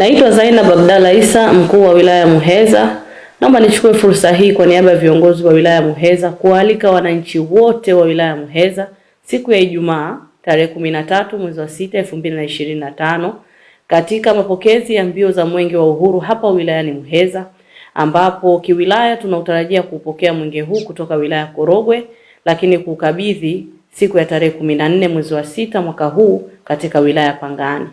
Naitwa Zainab Abdalla Isa, mkuu wa wilaya Muheza. Naomba nichukue fursa hii kwa niaba ya viongozi wa wilaya Muheza kualika wananchi wote wa wilaya Muheza siku ya Ijumaa tarehe kumi na tatu mwezi wa sita elfu mbili na ishirini na tano katika mapokezi ya mbio za Mwenge wa Uhuru hapa wilayani Muheza, ambapo kiwilaya tunautarajia kupokea mwenge huu kutoka wilaya Korogwe, lakini kuukabidhi siku ya tarehe kumi na nne mwezi wa sita mwaka huu katika wilaya Pangani.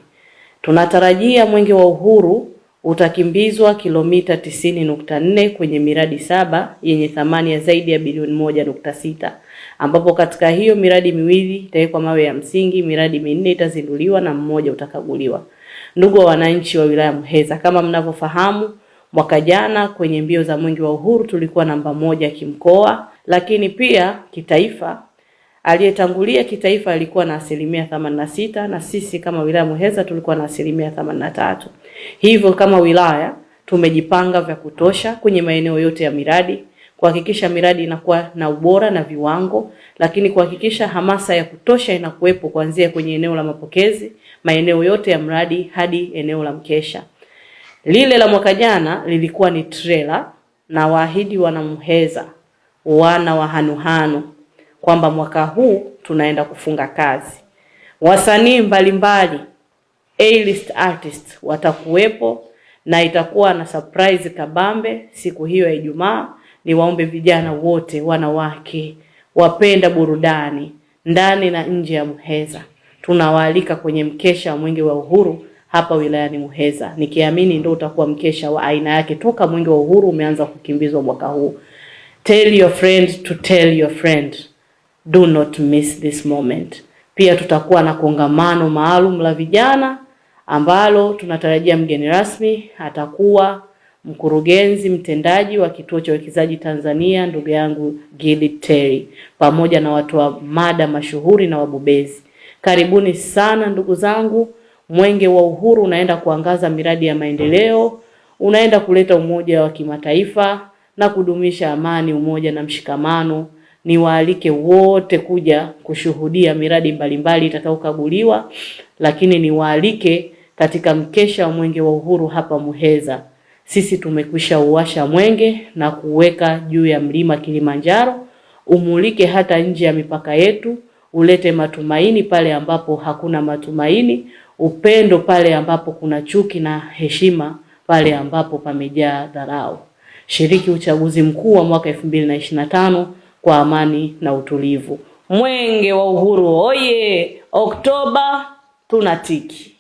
Tunatarajia mwenge wa uhuru utakimbizwa kilomita 90.4 kwenye miradi saba yenye thamani ya zaidi ya bilioni 1.6 ambapo katika hiyo miradi miwili itawekwa mawe ya msingi, miradi minne itazinduliwa na mmoja utakaguliwa. Ndugu wa wananchi wa wilaya Muheza, kama mnavyofahamu, mwaka jana kwenye mbio za mwenge wa uhuru tulikuwa namba moja kimkoa, lakini pia kitaifa aliyetangulia kitaifa alikuwa na asilimia themanini na sita na sisi kama wilaya Muheza tulikuwa na asilimia themanini na tatu. Hivyo kama wilaya tumejipanga vya kutosha kwenye maeneo yote ya miradi kuhakikisha miradi inakuwa na ubora na viwango, lakini kuhakikisha hamasa ya kutosha inakuwepo kuanzia kwenye eneo la mapokezi, maeneo yote ya mradi hadi eneo la mkesha. Lile la mwaka jana lilikuwa ni trela, na waahidi wana wa hanuhanu wahanuhanu kwamba mwaka huu tunaenda kufunga kazi. Wasanii mbalimbali A-list artists watakuwepo na itakuwa na surprise kabambe siku hiyo ya Ijumaa. Niwaombe vijana wote, wanawake wapenda burudani ndani na nje ya Muheza, tunawaalika kwenye mkesha wa Mwenge wa Uhuru hapa wilayani Muheza, nikiamini ndio utakuwa mkesha wa aina yake toka Mwenge wa Uhuru umeanza kukimbizwa mwaka huu. Tell your friend to tell your friend do not miss this moment. Pia tutakuwa na kongamano maalum la vijana ambalo tunatarajia mgeni rasmi atakuwa mkurugenzi mtendaji wa kituo cha uwekezaji Tanzania, ndugu yangu Gili Terry, pamoja na watu wa mada mashuhuri na wabobezi. Karibuni sana ndugu zangu. Mwenge wa Uhuru unaenda kuangaza miradi ya maendeleo, unaenda kuleta umoja wa kimataifa na kudumisha amani, umoja na mshikamano niwaalike wote kuja kushuhudia miradi mbalimbali itakayokaguliwa, lakini niwaalike katika mkesha wa Mwenge wa Uhuru hapa Muheza. Sisi tumekwisha uwasha mwenge na kuweka juu ya mlima Kilimanjaro, umulike hata nje ya mipaka yetu, ulete matumaini pale ambapo hakuna matumaini, upendo pale ambapo kuna chuki, na heshima pale ambapo pamejaa dharau. Shiriki uchaguzi mkuu wa mwaka 2025 kwa amani na utulivu. Mwenge wa Uhuru oye! Oktoba tunatiki.